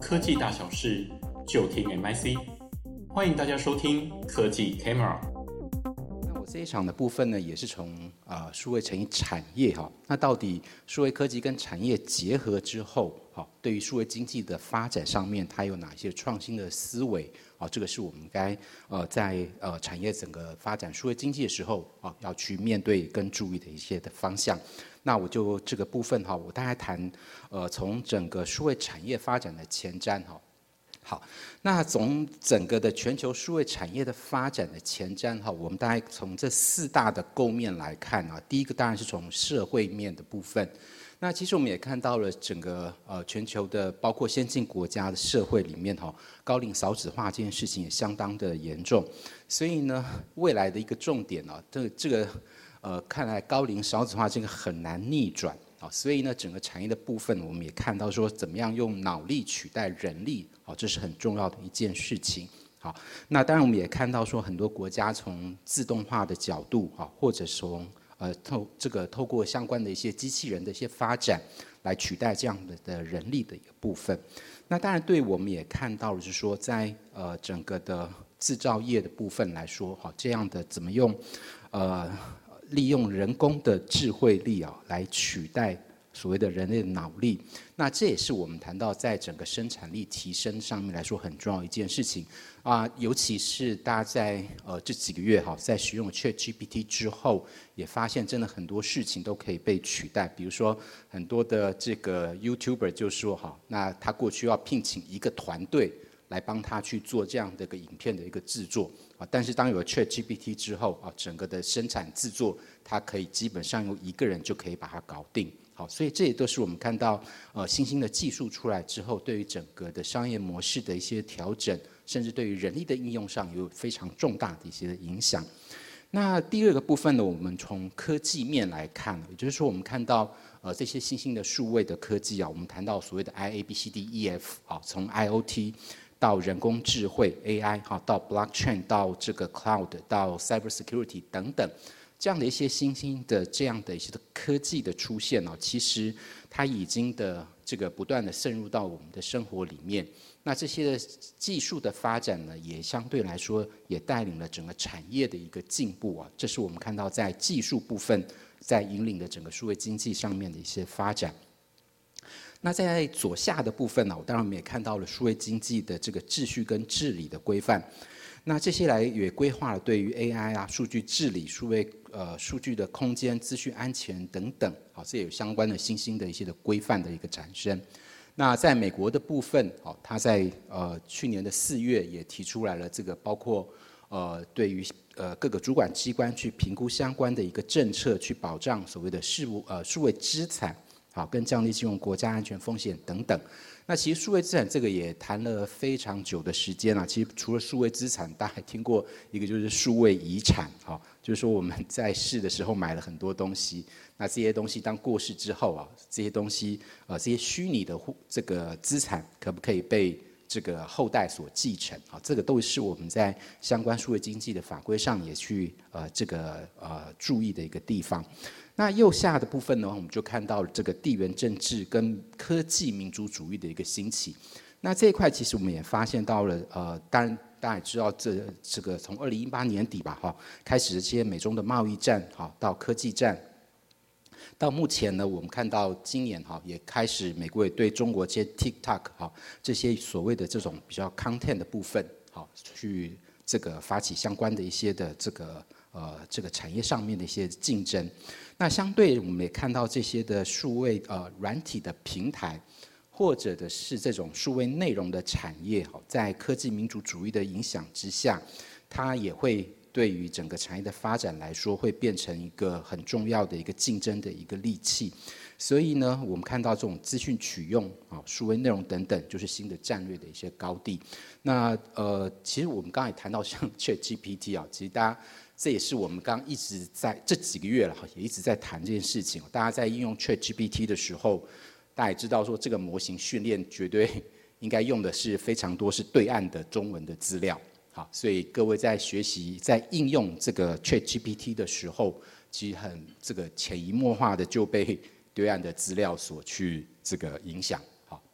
科技大小事，就聽 MIC，歡迎大家收聽科技 Camera。那我這一場的部分呢，也是從啊、呃，數位乘以產業哈、哦，那到底數位科技跟產業結合之後，好、哦，對於數位經濟的發展上面，它有哪些創新的思維啊、哦？這個是我們該呃，在呃產業整個發展數位經濟的時候啊、哦，要去面對跟注意的一些的方向。那我就這個部分哈，我大概談，呃，從整個數位產業發展的前瞻哈，好，那從整個的全球數位產業的發展的前瞻哈，我們大概從這四大的構面來看啊，第一個當然是從社會面的部分，那其實我們也看到了整個呃全球的包括先進國家的社會裡面哈，高齡少子化這件事情也相當的嚴重，所以呢，未來的一個重點呢，這這個。呃，看來高齡少子化這個很難逆轉啊、哦，所以呢，整個產業的部分我們也看到說，怎麼樣用腦力取代人力好、哦，這是很重要的一件事情好、哦，那當然，我們也看到說，很多國家從自動化的角度、哦、或者說呃透這個透過相關的一些機器人的一些發展，來取代這樣的的人力的一個部分。那當然，對我們也看到了是說在，在呃整個的製造業的部分來說，哈、哦，這樣的怎麼用呃。利用人工的智慧力啊，來取代所謂的人類的腦力，那這也是我們談到在整個生產力提升上面來說很重要一件事情啊、呃。尤其是大家在呃這幾個月哈，在使用 ChatGPT 之後，也發現真的很多事情都可以被取代，比如說很多的這個 YouTuber 就說哈，那他過去要聘請一個團隊。來幫他去做這樣的一個影片的一個制作啊，但是當有了 ChatGPT 之後啊，整個的生產製作，它可以基本上由一個人就可以把它搞定。好，所以這也都是我們看到呃新興的技術出來之後，對於整個的商業模式的一些調整，甚至對於人力的應用上，有非常重大的一些影響。那第二個部分呢，我們從科技面來看，也就是說我們看到呃這些新興的數位的科技啊，我們談到所謂的 I A B C D E F 啊，從 I O T。到人工智慧 AI 哈，到 blockchain，到這個 cloud，到 cybersecurity 等等，這樣的一些新興的這樣的一些科技的出現呢，其實它已經的這個不斷的滲入到我們的生活裡面。那這些技術的發展呢，也相對來說也帶領了整個產業的一個進步啊。這是我們看到在技術部分在引領的整個數位經濟上面的一些發展。那在左下的部分呢，我當然我們也看到了數位經濟的這個秩序跟治理的規範，那這些來也規劃了對於 AI 啊、數據治理、數位呃數據的空間、資訊安全等等，好、哦，這也有相關的新興的一些的規範的一個產生。那在美國的部分，哦，他在呃去年的四月也提出來了這個，包括呃對於呃各個主管機關去評估相關的一個政策，去保障所謂的事物呃數位資產。好，跟降低金融國家安全風險等等。那其實數位資產這個也談了非常久的時間了啊。其實除了數位資產，大家還聽過一個就是數位遺產，好，就是說我們在世的時候買了很多東西，那這些東西當過世之後啊，這些東西呃這些虛擬的這個資產可不可以被這個後代所繼承？啊，這個都是我們在相關數位經濟的法規上也去呃這個呃注意的一個地方。那右下的部分呢，我們就看到了這個地緣政治跟科技民族主義的一個興起。那這一塊其實我們也發現到了，呃，當然大家也知道這，這這個從二零一八年底吧，哈，開始這些美中的貿易戰，哈，到科技戰，到目前呢，我們看到今年哈，也開始美國也對中國這些 TikTok 哈這些所謂的這種比較 content 的部分，好，去這個發起相關的一些的這個。呃，這個產業上面的一些競爭，那相對我們也看到這些的數位呃軟體的平台，或者的是這種數位內容的產業，哦、在科技民族主義的影響之下，它也會對於整個產業的發展來說，會變成一個很重要的一個競爭的一個利器。所以呢，我們看到這種資訊取用啊、哦、數位內容等等，就是新的戰略的一些高地。那呃，其實我們剛才也談到像像 GPT 啊、哦，其實大家。這也是我們剛一直在這幾個月了，也一直在談這件事情。大家在應用 ChatGPT 的時候，大家也知道說這個模型訓練絕對應該用的是非常多是對岸的中文的資料。好，所以各位在學習、在應用這個 ChatGPT 的時候，其實很這個潛移默化的就被對岸的資料所去這個影響。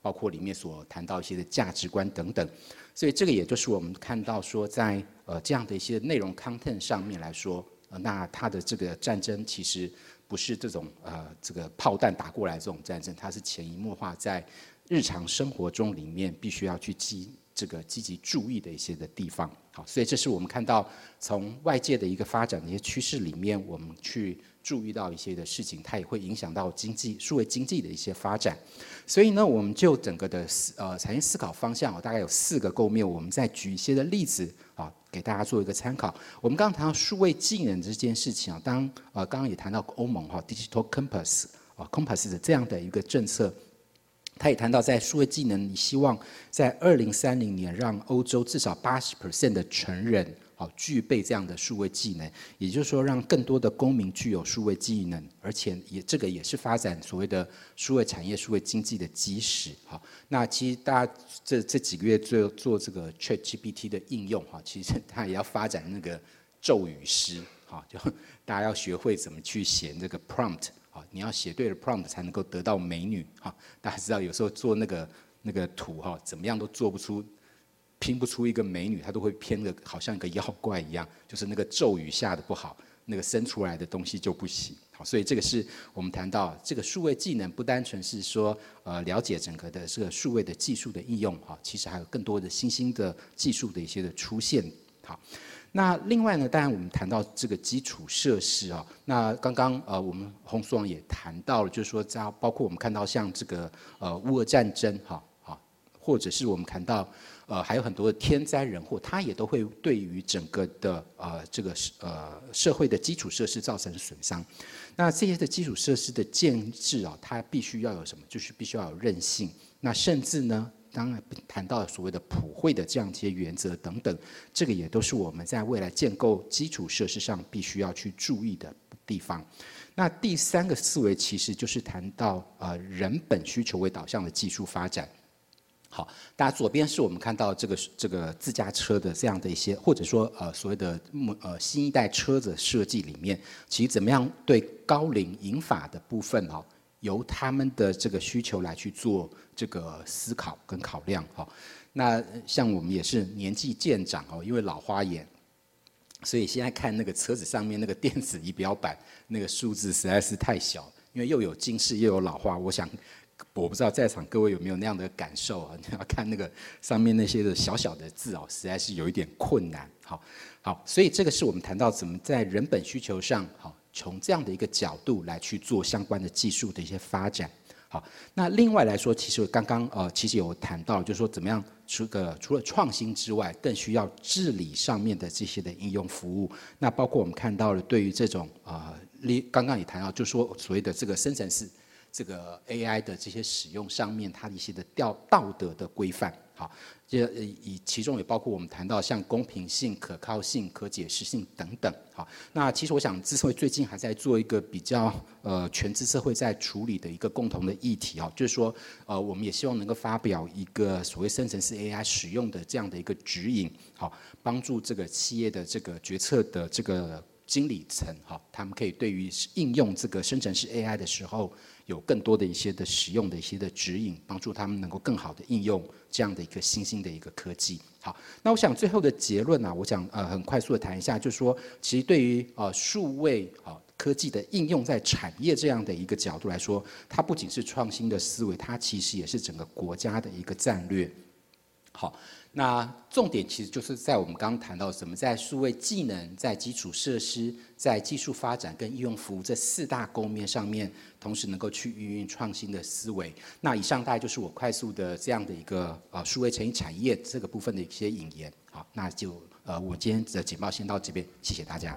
包括裡面所談到一些的價值觀等等，所以這個也就是我們看到說，在呃這樣的一些內容 content 上面來說，那它的這個戰爭其實不是這種呃這個炮彈打過來這種戰爭，它是潛移默化在日常生活中裡面必須要去記。這個積極注意的一些的地方，好，所以這是我們看到從外界的一個發展的一些趨勢裡面，我們去注意到一些的事情，它也會影響到經濟數位經濟的一些發展。所以呢，我們就整個的思呃產業思考方向、哦，大概有四個構面，我們再舉一些的例子啊、哦，給大家做一個參考。我們剛剛談到數位技能這件事情啊、哦，當呃剛剛也談到歐盟哈、哦，Digital Compass 啊、哦，Compass 的這樣的一個政策。他也談到，在數位技能，你希望在二零三零年讓歐洲至少八十 percent 的成人，好具備這樣的數位技能，也就是說，讓更多的公民具有數位技能，而且也這個也是發展所謂的數位產業、數位經濟的基石，好。那其實大家這這幾個月做做這個 ChatGPT 的應用，哈，其實它也要發展那個咒語師，哈，就大家要學會怎麼去寫那個 prompt。你要寫對了 prompt 才能夠得到美女哈。大家知道有時候做那個那個圖哈，怎麼樣都做不出，拼不出一個美女，她都會偏的好像一個妖怪一樣，就是那個咒語下的不好，那個生出來的東西就不行。好，所以這個是我們談到這個數位技能，不單純是說呃了解整個的這個數位的技術的應用哈，其實還有更多的新興的技術的一些的出現好。那另外呢，當然我們談到這個基礎設施啊、哦，那剛剛呃我們紅書王也談到了，就是說在包括我們看到像這個呃烏俄戰爭哈啊，或者是我們談到呃還有很多的天災人禍，它也都會對於整個的呃這個呃社會的基礎設施造成損傷。那這些的基礎設施的建制啊、哦，它必須要有什麼？就是必須要有韌性。那甚至呢？當然，談到所謂的普惠的這樣一些原則等等，這個也都是我們在未來建構基礎設施上必須要去注意的地方。那第三個思維其實就是談到呃人本需求為導向的技術發展。好，大家左邊是我們看到這個這個自駕車的這樣的一些，或者說呃所謂的呃新一代車子設計裡面，其實怎麼樣對高齡銀髮的部分哦。由他們的這個需求來去做這個思考跟考量，哈，那像我們也是年紀漸長哦，因為老花眼，所以現在看那個車子上面那個電子儀表板那個數字實在是太小，因為又有近視又有老花，我想我不知道在場各位有沒有那樣的感受啊？你要看那個上面那些的小小的字哦，實在是有一點困難，好，好，所以這個是我們談到怎麼在人本需求上，從這樣的一個角度來去做相關的技術的一些發展，好，那另外來說，其實我剛剛呃，其實有談到，就是說怎麼樣，除個除了創新之外，更需要治理上面的這些的應用服務。那包括我們看到了，對於這種啊，你剛剛你談到，就是說所謂的這個生成式。這個 AI 的這些使用上面，它的一些的調道德的規範，好，也以其中也包括我們談到像公平性、可靠性、可解釋性等等，好。那其實我想，所以最近還在做一個比較，呃，全智社會在處理的一個共同的議題啊，就是說，呃，我們也希望能夠發表一個所謂生成式 AI 使用的這樣的一個指引，好，幫助這個企業的這個決策的這個。經理層，哈，他們可以對於應用這個生成式 AI 的時候，有更多的一些的使用的一些的指引，幫助他們能夠更好的應用這樣的一個新興的一個科技。好，那我想最後的結論呢、啊，我想呃很快速的談一下，就是說，其實對於呃數位啊科技的應用在產業這樣的一個角度來說，它不僅是創新的思維，它其實也是整個國家的一個戰略。好。那重點其實就是在我們剛剛談到什麼，在數位技能、在基礎設施、在技術發展跟應用服務這四大功面上面，同時能夠去運用創新的思維。那以上大概就是我快速的這樣的一個呃數位乘以產業這個部分的一些引言。好，那就呃，我今天的簡報先到這邊，謝謝大家。